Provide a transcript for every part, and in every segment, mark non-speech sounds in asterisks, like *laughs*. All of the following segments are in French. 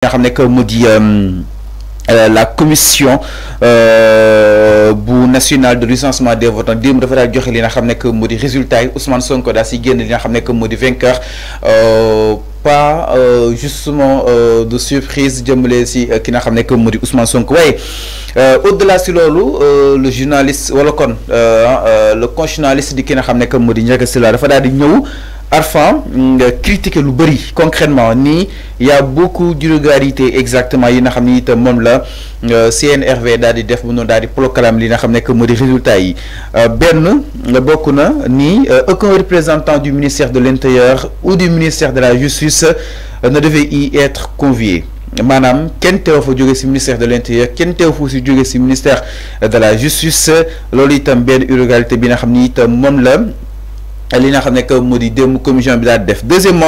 nga xam euh, euh, la commission euh, bu nationale de recensement des votants dim dafa daal joxe li nga xam que modi résultat Ousmane Sonko da si génn li nga xam que modi vainqueur vainqueur pas justement de surprise jëmale si ki nga xam que modi Ousmane Sonko euh, au-delà si euh, le journaliste wala kon le constitutionnaliste di ki nga xam nekk mu di La Sylla dafa dal di ñëw. Arfan critique lu bëri concrètement il y a beaucoup d'irrégularités exactement il y xam ni la euh, CNRV daal di def mu noonu daal di li nga xam que moo résultats yi euh, benn ni euh, aucun représentant du ministère de l'Intérieur ou du ministère de la Justice ne devait y être convié Madame, quel teew le ci ministère de l'intérieur Quel teew le ci jóge ci ministère de la justice beaucoup itam benn irrégulalité bi nga xam ni la deuxièmement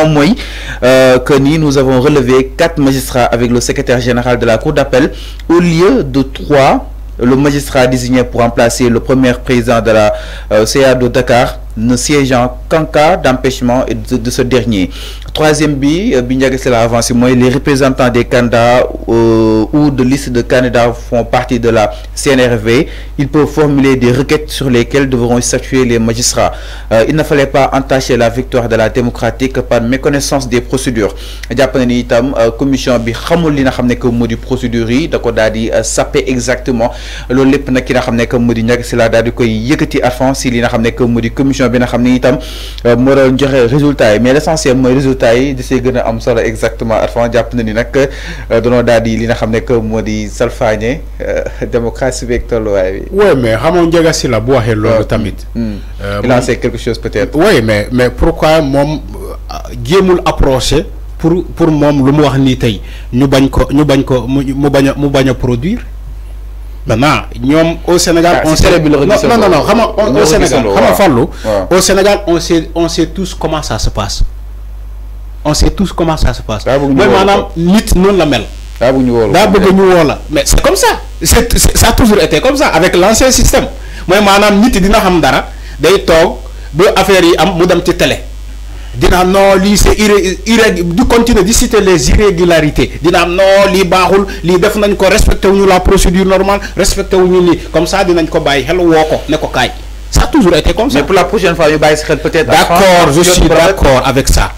euh, nous avons relevé quatre magistrats avec le secrétaire général de la cour d'appel au lieu de trois le magistrat désigné pour remplacer le premier président de la euh, CA de Dakar ne siégeant qu'en cas d'empêchement de ce dernier troisième bi euh, bi les représentants des candidats euh, ou de liste de candidats font partie de la CNRV ils peuvent formuler des requêtes sur lesquelles devront statuer les magistrats euh, il ne fallait pas entacher la victoire de la démocratique par méconnaissance des procédures La ni commission bi xamul li que moo di procédures yi da ko exactement loolu lépp ki nga xamné que moo di Ndiaga Sylla daal di koy yëkëti avance li nga xamné que moo commission bi nga xamné itam mo résultat mais l'essentiel résultat détails yi di see gën am solo exactement Arfan jàpp na ni nak euh, danoo daal di li nga xam ne que moo di salfaañe euh, démocratie vector loi oui mais xamou xamoo Ndiaga Sylla bu waxee loolu tamit. Hmm. Euh, il a c'est quelque chose peut-être. oui mais mais pourquoi mom jéemul approcher pour pour mom lu mu wax ni tay ñu bañ ko ñu bañ ko mu bañ mu bañ produire. maintenant ñoom au Sénégal ah, on sait non non non xam nga au Sénégal xam nga au Sénégal on sait on sait tous comment ça se passe on sait tous comment ça se passe. Mais madame, nit non la mel. daa bëgg ñu woo mais c'est comme ça C'est ça a toujours été comme ça avec l'ancien système mooy madame, nit dina xam dara day toog bu affaire yi am mu dem ci télé. dina non lii c'est est irré irré di continuer citer les irrégularités dina non lii baaxul lii def nañ ko respecté wuñu la procédure normale respecté wuñu lii comme ça dinañ ko bàyyi xel ne ko kaay. Ça a toujours été comme ça. Mais pour la prochaine fois, il va peut-être. D'accord, je suis d'accord avec ça.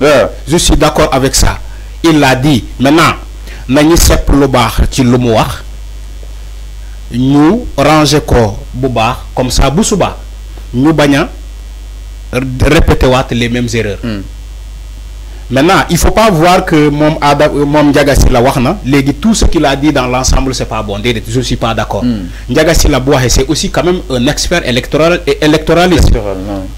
Je suis d'accord avec ça. Il l'a dit. Maintenant, nous sommes le bar, le Nous ranger comme ça, Nous bagnons répéter les mêmes erreurs. Hmm. Maintenant, il ne faut pas voir que mon, Diagasila Wahna, tout ce qu'il a dit dans l'ensemble, c'est pas bon. Je ne suis pas d'accord. Mm. Diagasila c'est aussi quand même un expert électoral, électoraliste.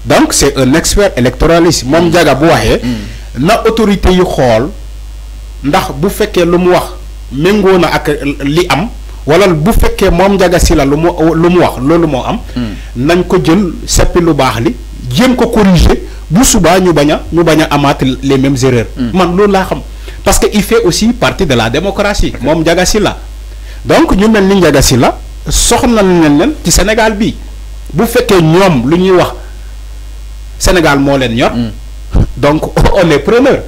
Donc, c'est un expert électoraliste. Mon hmm. Diaga hmm. na autorité yu le ndax bu ak le am wala bu le mom que Sylla le mu le wax le am hmm. nañ ko le le corriger nous subaa ñu les mêmes erreurs. Hmm. man parce que fait aussi partie de la démocratie. Mom, donc nous sommes ni la Sénégal bi bu faites ñoom lu Sénégal hmm. donc *laughs* on est preneur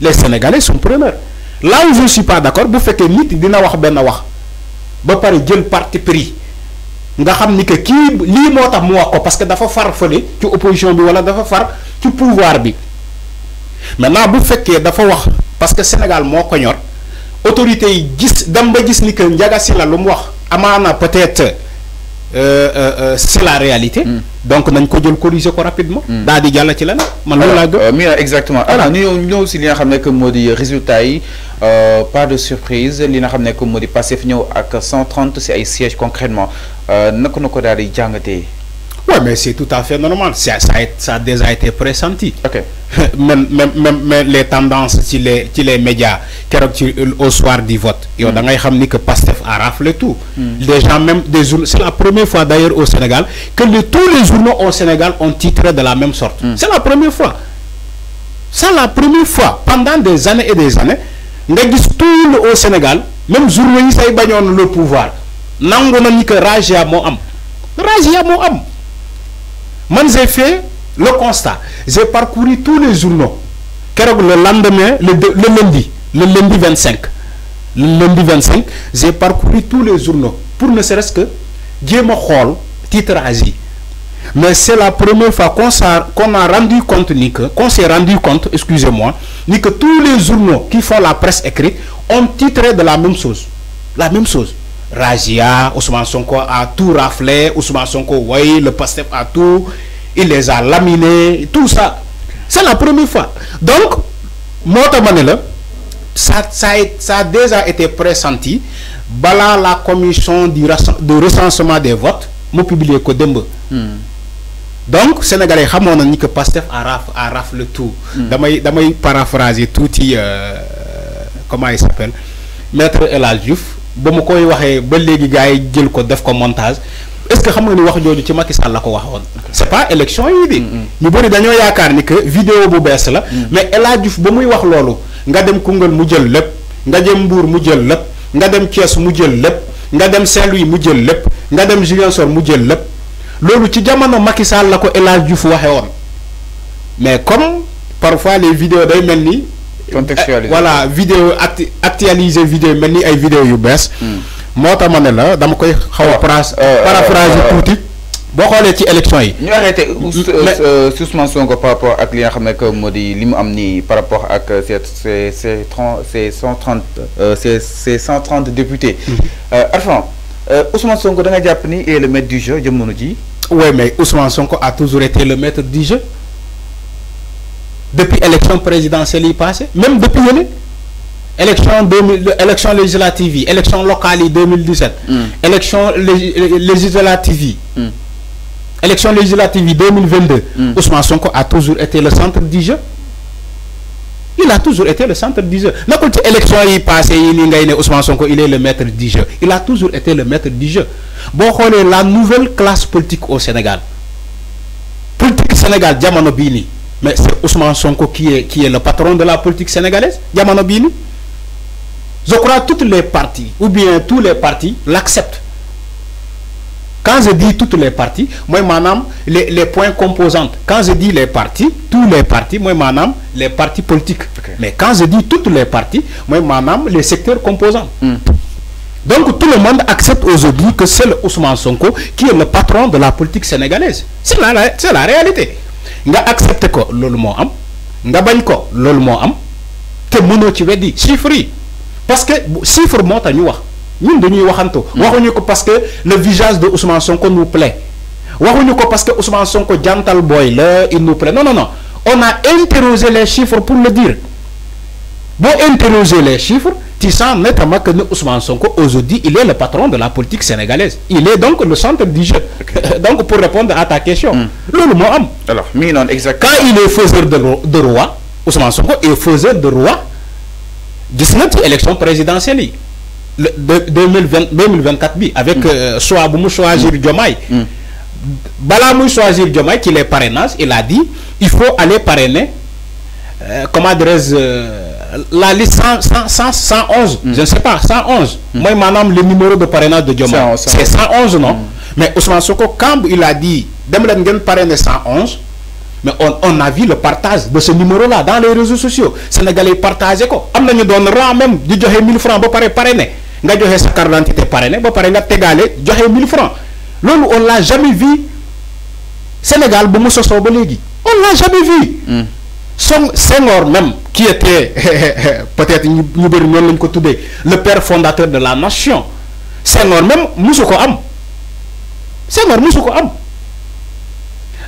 les Sénégalais sont preneurs là où je suis pas d'accord vous faites nit dina wax ben wax ba parti pris nga xamni ni que kii lii moo parce que dafa far fële ci opposition bi wala dafa far ci pouvoir bi maintenant bu fekké dafa wax parce que Sénégal moko ñor autorité yi gis dem ba gis ni que lu mu wax amana peut-être euh, euh, euh, c'est la réalité. Hmm. donc nañ ko jël corriger ko rapidement. Hmm. daal di jàll ci lan man exactement alors ñu nous il li nga xamné que modi résultat yi pas de surprise li nga xamné que modi passé Pastef ñëw ak 130 ci ay sièges concrètement. Euh, oui mais c'est tout à fait normal ça ça ça a déjà été pressenti. *laughs* même les tendances si les les médias euh, au soir du vote. et on hmm. ngay xam que Pastef a raflé tout. les hmm. gens même des c'est la première fois d'ailleurs au Sénégal que tous les journaux au Sénégal ont titré de la même sorte. Hmm. c'est la première fois. c'est la première fois pendant des années et des années les gis tout au Sénégal même journaux ils ont le pouvoir nangu ni que am j'ai fait le constat j'ai parcouru tous les journaux le lendemain le lundi le lundi 25 le lundi 25 j'ai parcouru tous les journaux pour ne serait-ce que djema khol titre titre mais c'est la première fois qu'on a, qu'on a rendu compte ni qu'on s'est rendu compte excusez-moi ni que tous les journaux qui font la presse écrite ont titré de la même chose la même chose. Rajia, Ousmane Sonko a tout raflé, Ousmane Sonko, le pasteur a tout, il les a laminés, tout ça. C'est la première fois. Donc, Motamanela, ça, ça, ça a déjà été pressenti. Bala la commission du de recensement des votes, m'a publié Kodembo. Hmm. donc sénégalais xamoon que Pastef a raf a rafle tout. je hmm. vais paraphraser tout euh, comment il s'appelle maître El ba mu koy waxee ba léegi gars yi jël ko def ko montage est-ce que xam nga ni wax jooju ci Macky Sall la ko waxoon. c'est pas élection yi di. ñu bëri dañoo yaakaar ni que vidéo bu bees la. mais El Hadj ba muy wax loolu nga dem Koungheul mu jël lépp nga dem mbuur mu jël lépp nga dem Thiès mu jël lépp nga dem Saint-Louis mu jël lépp nga dem Ziguinchor mu jël lépp loolu ci jamono Macky Sall la ko El Hadj Diouf waxee woon mais comme parfois les vidéos day mel nii contextualiser eh, voilà vidéo actualiser vidéo mais ni ay vidéo yu bess hmm. moo tax la dama koy. xaw a oh, paraphraser euh, euh, euh, tuuti. boo xoolee ci élection yi. ñu arrêté suspension ko par rapport ak li nga xamné que modi limu am ni par rapport ak ces ces trente ces cent trente ces ces cent trente députés. Mm-hmm. Arfan Ousmane Sonko da nga jàpp ni est le maître du jeu jamono ji. oui mais Ousmane Sonko a toujours été le maître du jeu depuis l'élection présidentielle passée, passé même depuis l'élection élection législative élection locale 2017 mm. mm. élection législative élection législative 2022 Ousmane Sonko a toujours été le centre du jeu il a toujours été le centre du jeu l'élection est passée il est le maître du jeu il a toujours été le maître du jeu on est la nouvelle classe politique au Sénégal politique Sénégal jamono Bini mais c'est Ousmane Sonko qui est, qui est le patron de la politique sénégalaise, Yamano Je crois que toutes les parties, ou bien tous les partis, l'acceptent. Quand je dis toutes les parties, moi, madame, les, les points composantes. Quand je dis les partis, tous les partis, moi, madame, les partis politiques. Mais quand je dis toutes les parties, moi, madame, les secteurs composants. Hmm. Donc tout le monde accepte aujourd'hui que c'est Ousmane Sonko qui est le patron de la politique sénégalaise. C'est la réalité nga accepté ko loolu moo am nga bañ ko loolu moo am te mënoo ci chiffres parce que chiffre moo tax ñu wax ñun dañuy waxantu. Mm. waxuñu ko parce que le visage de Ousmane Sonko nous plaît waxuñu ko parce que Ousmane Sonko jantal boy la il nous plaît non non non on a interrogé les chiffres pour le dire boo interrogé les chiffres tu sens maître que Ousmane Sonko, aujourd'hui, il est le patron de la politique sénégalaise. Il est donc le centre du jeu. *laughs* donc, pour répondre à ta question, hmm. Alors, Quand il est faiseur de, roi, Ousmane Sonko est faiseur de roi, de notre élection présidentielle. de, 2024 avec soit Boumou, soit Balamou Soazir Diomaye, qui est parrainage, il a dit il faut aller parrainer, comme euh, comment la liste 111, mm. je ne sais pas, 111. Mm. Moi, madame, le numéro de parrainage de Dioma, c'est 111, non mm. Mais Ousmane Soko, quand il a dit, Demlengen parrainer 111, mais on, a vu le partage de ce numéro-là dans les réseaux sociaux. Sénégalais partagé quoi. amène nous donnera même di joxe 1000 francs pour parrainer parrainé. Nga joxe sa carte d'identité parrainé ba paré nga tégalé joxe 1000 francs. l'on on l'a jamais vu Sénégal bu ne On l'a jamais vu. Son Senghor même, qui était, *laughs* peut-être, le père fondateur de la nation, Senghor même, Moussouko Am. Senghor Moussouko Am.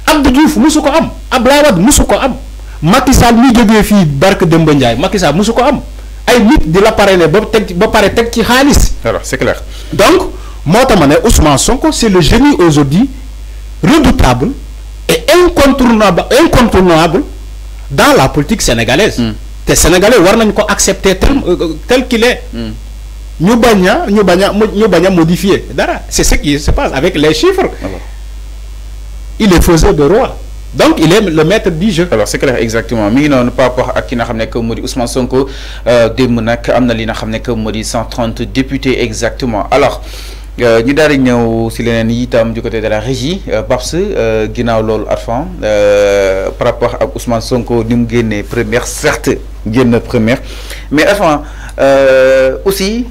Abdou Diouf Moussouko Am. Ablawad Moussouko Am. Macky Sall de jógee fii barke Demba Ndiaye Macky Sall mosu ko am ay nit di la parrainer ba ba pare tek ci alors c'est clair. donc moo Ousmane Sonko c'est le génie aujourd'hui redoutable et incontournable incontournable dans la politique sénégalaise. Les mm. sénégalais war nañ ko accepter tel euh, tel qu'il est. Mm. ñu bañ modifié. ñu modifier c'est ce qui se passe avec les chiffres. Ah il est faiseur de roi. donc il est le maître du jeu. alors c'est clair exactement Mais non, par rapport ak ki nga xam dit Ousmane Sonko euh, démb nag am li nga que 130 députés exactement alors. Nous avons aussi ñëw si du côté de la régie euh, Babs euh, ginnaaw euh, par rapport à Ousmane Sonko nous mu première certes génn première mais enfin, aussi.